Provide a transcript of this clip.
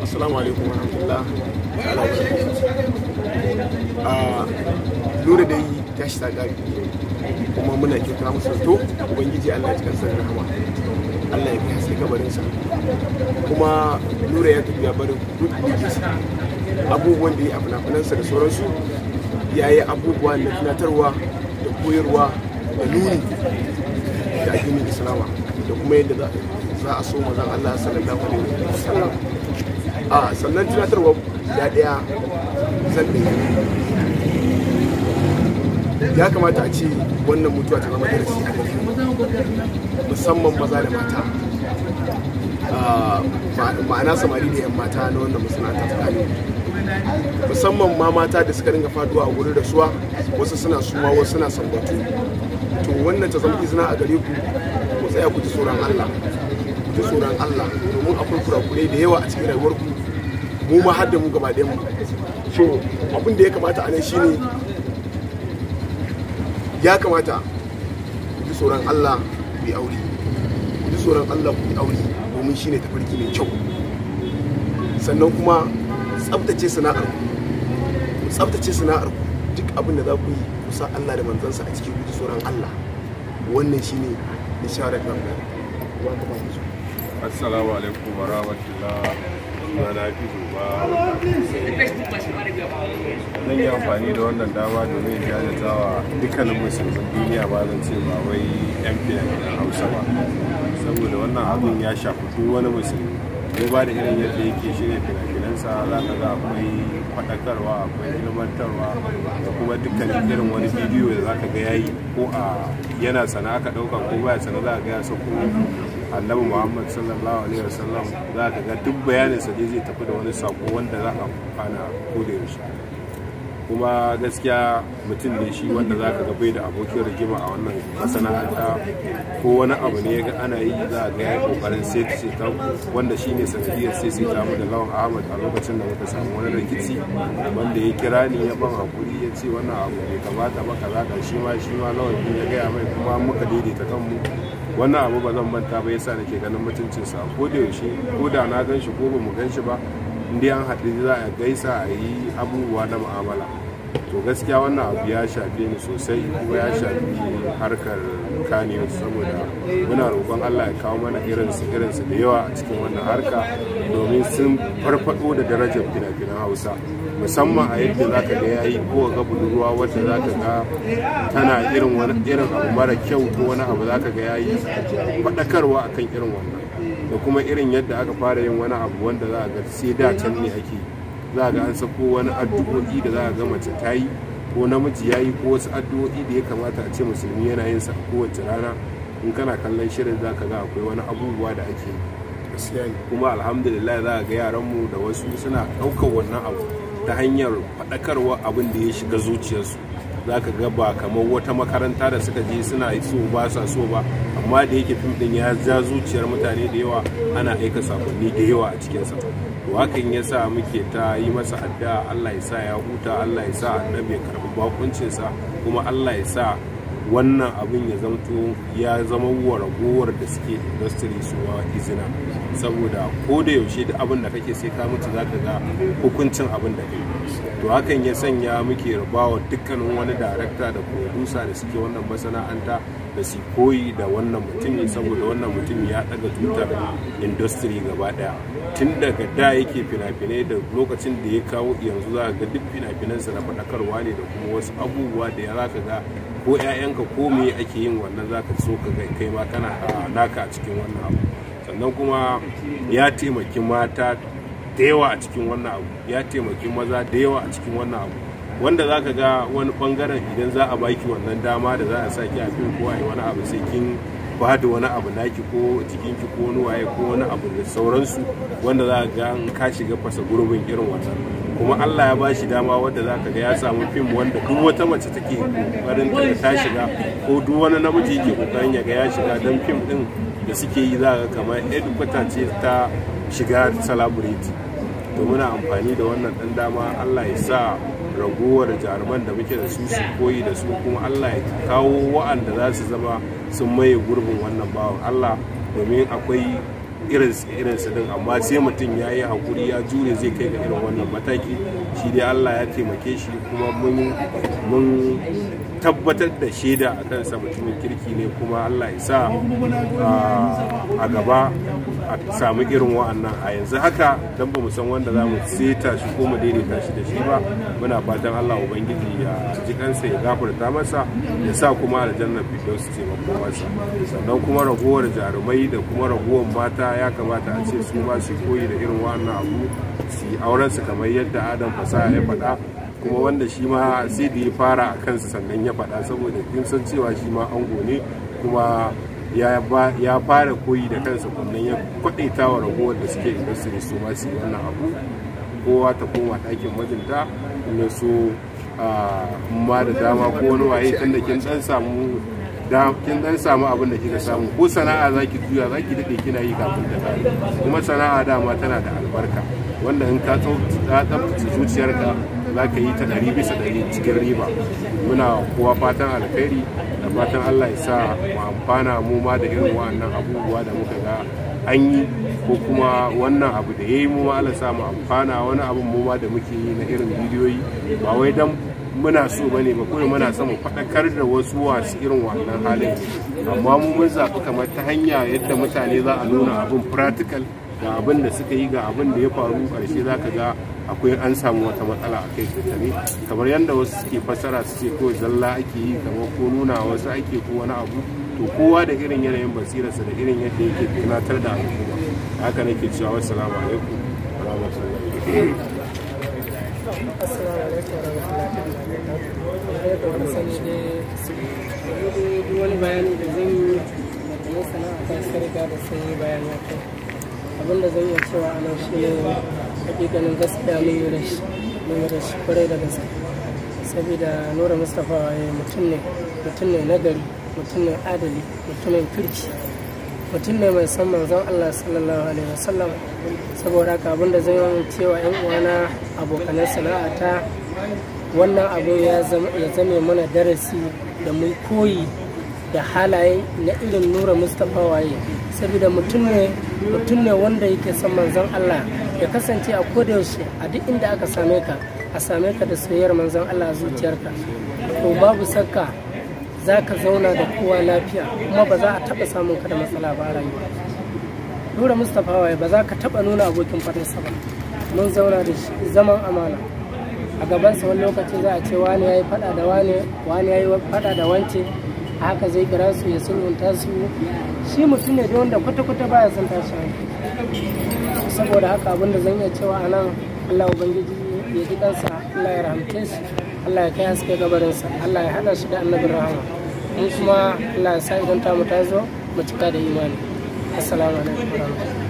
assalamu alaikum rahmatullah a ah, lura da yi tashi ta gari kuma muna kira musu to ubangiji Allah ya cikin sa rahama Allah ya kai sai kabarin sa kuma lura ya tafi ya barin duk abubuwan da ya afina finansa da sauransu ya yi abubuwa na tunatarwa da koyarwa da nuni da addinin islama da kuma yadda za a so mazan Allah sallallahu alaihi wasallam a sannan tunatarwa ya daya zan ɗaya ya kamata a ce wannan mutuwa ta zama darasi a gare musamman maza da mata ma'ana samari da yan mata na wannan masana'anta ta kano musamman ma mata da suka ringa faduwa a wurin suwa wasu suna suma wasu suna sambatu to wannan ta zama izina a gare ku ku tsaya ku ji tsoron Allah ku ji tsoron Allah domin akwai kurakurai da yawa a cikin rayuwarku mu ma har da mu gaba ɗayan mu so abin da ya kamata a nan shine ya kamata ku ji tsoron Allah ku yi aure ku ji tsoron Allah ku yi aure domin shine tafarki mai kyau sannan kuma tsabtace sana'ar ku tsabtace sana'ar ku duk abin da za ku yi ku sa Allah da manzansa a cikin ku ji tsoron Allah wannan shine nisharar nan ba ku ba ku Assalamu alaikum wa rahmatullah suna na fi ba zan yi amfani da wannan dama domin da jajatawa dukkanin musulmin duniya ba zan ce ba wai yan filan hausa ba saboda wannan abin ya shafi duk wani musulmi duba da irin yadda yake shirya fina-finansa za ka ga akwai faɗakarwa akwai ilmantarwa da kuma dukkanin irin wani bidiyo da za ka ga yayi ko a yana sana aka ɗauka ko baya sana za ka ga ya sako annabi muhammad sallallahu alaihi wasallam za ka ga duk bayaninsa dai zai tafi da wani sako wanda za a fana ko da yaushe kuma gaskiya mutum ne shi wanda za ka bai da abokin rigima a wannan masana'anta ko wani abu ne ga ana yi za a ga ya kokarin sai ta wanda shi ne sanadiyar sai sai tamu da lawan ahmad a lokacin da muka samu wani rikici wanda ya kira ni ya ban hakuri ya ce wannan abu bai kamata za ka shi ma shi ma lawan ya gaya mai kuma muka daidaita kanmu wannan abu ba zan manta ba yasa nake ganin mutuncinsa ko da yaushe ko da na gan shi ko ba mu gan shi ba inda an haɗu za a gaisa a yi abubuwa na mu'amala to gaskiya wannan abu ya shafe ni sosai kuma ya shafi harkar kaniyo saboda muna roƙon allah ya kawo mana irinsu irinsu da yawa a cikin wannan harka domin sun farfado da darajar fina-finan hausa musamman a yadda za ka ya yi ko ga budurwa wacce za ka ga tana irin wani irin abu mara kyau ko wani abu za ka ga ya yi faɗakarwa akan irin wannan da kuma irin yadda aka fara yin wani abu wanda za a ga sai da can ne ake yi za ga an sako wani addu'o'i da za ga mace ta yi ko namiji ya yi ko wasu addu'o'i da ya kamata a ce musulmi yana yin sa kowace rana in kana kallon shirin za ka ga akwai wani abubuwa da ake yi kuma alhamdulillah za ga yaran mu da wasu suna ɗaukar wannan abu ta hanyar faɗakarwa abin da ya shiga zuciyarsu za ka ga ba kamar wata makaranta da suka je suna so ba sa so ba amma da yake fim din ya ja zuciyar mutane da yawa ana aika sakonni da yawa a cikinsa to hakan ya sa muke ta yi masa addu'a Allah ya sa ya huta Allah ya sa annabi ya karbi bakuncinsa kuma Allah ya sa wannan abin ya zamto ya zama wa ragowar da suke industry suwa izina saboda ko da yaushe da abin da kake sai ka mutu zaka ga hukuncin abin da kai to hakan ya sanya muke rabawa dukkanin wani darakta da producer da suke wannan masana'anta da su koyi da wannan mutum saboda wannan mutumin ya daga tutar industry gaba daya tun daga da yake fina-finai da lokacin da ya kawo yanzu za ga duk fina-finansa na faɗakarwa ne da kuma wasu abubuwa da ya zaka ga ko 'ya'yanka ko me ake yin wannan zaka so ka kai ma kana naka a cikin wannan abu sannan kuma ya taimaki mata da yawa a cikin wannan abu ya taimaki maza da yawa a cikin wannan abu wanda za ka ga wani bangaren idan za a baki wannan dama da za a saki a fim ko a yi wani abu sai kin ba da wani abu naki ko ki, ko wani waye ko wani abu da sauransu wanda za ga ka shiga fasa gurbin irin wannan kuma Allah ya ba shi dama wadda zaka ga ya samu fim wanda duk wata mace take kokarin ta ta shiga ko duk wani namiji yake kokarin ya ga ya shiga dan fim din da suke yi za ga kamar edukwata ce ta shiga celebrity to muna amfani da wannan dan dama Allah ya sa ragowar jaruman da muke da su su koyi da su kuma Allah ya kawo wa'anda za su zama sun maye gurbin wannan bawan Allah domin akwai irin su din amma sai mutum ya yi hakuri ya jure zai kai ga irin wannan mataki shi dai allah ya taimake shi kuma mun tabbatar da shaida a kansa mutumin kirki ne kuma Allah ya sa ah, a gaba a samu irin wa'annan a yanzu haka don ba mu san wanda za mu seta shi ko mu daidaita shi da shi ba muna fatan Allah ubangiji ya ji kansa ya gafarta masa ya sa kuma aljannar fito su ce masa sannan kuma ragowar jarumai da kuma ragowar mata ya kamata a ce su ma su koyi da irin wa'annan abu su yi auren su kamar yadda Adam fasaha ya faɗa kuma wanda shi ma sai da ya fara a kansa sannan ya faɗa saboda kin san cewa shi ma ango ne kuma ya fara koyi da kansa kullum ya kwadaita wa ragowar da suke industry su ma su wannan abu kowa ta koma ɗakin mijinta kuma su ma da dama ko wani waye tunda kin dan samu kin dan samu abin da kika samu ko sana'a ki juya zaki dade kina yi kafin ta kare kuma sana'a dama tana da albarka wanda in ka tsaftace zuciyarka za ka yi ta ɗari bisa ɗari cikin riba muna kuwa fatan alkhairi da fatan allah ya sa mu amfana mu ma da irin wa'annan abubuwa da muka ga an yi ko kuma wannan abu da ya yi mu ma allah sa mu amfana wani abun mu ma da muke yi na irin bidiyoyi ba wai dan muna so ba ne ba kuma muna son mu faɗakar da wasu wasu irin wannan halin amma mu mun zaɓi kamar ta hanya yadda mutane za a nuna abin practical ga abin da suka yi ga abin da ya faru karshe za ka ga akwai an samu wata matsala a kai tattare kamar yadda wasu suke fassara su ce kawai zalla ake yi kamar ko nuna wasu ake ko wani abu to kowa da irin yanayin basirarsa da irin yadda yake tunatar da al'umma haka nake cewa wasu alaikum wani bayani da zan yi ɗan sana'a ta shirka da sai bayan wata abinda zan iya cewa a nan shi ne hakikanin gaskiya mun yi rashi mun yi rashi kwarai da gaske saboda nura mustapha waye mutum ne mutum ne nagari mutum ne adali mutumin kirki mutum ne mai san manzon allah sallallahu alaihi wasallam saboda haka abinda zan yi cewa yan uwana abokanan sana'ata wannan abu ya zame mana darasi da mun koyi da halaye na irin nura mustapha waye saboda mutum ne mutum ne wanda yake son manzon allah ya kasance a yaushe a duk inda aka same ka a same ka da soyayyar manzon allah a zuciyarka to babu sakka za ka zauna da kowa lafiya kuma ba za a taɓa samun ka da matsala ba a rayuwa nura mustapha waye ba za ka taɓa nuna abokin farinsa ba mun zauna da shi zaman amana a gabansa wani lokaci za a ce wani ya yi fada da wani wani ya yi fada da wance haka zai kira su ya sulhunta su shi mutum ne wanda kwata-kwata baya son tashi saboda haka abin da zan iya cewa a nan allah ubangiji ya ji kansa allah ya rahamce shi allah ya kai haske gabarinsa allah ya hana shi da annabin rahama in kuma allah ya sa idan ta zo mu cika da imani assalamu alaikum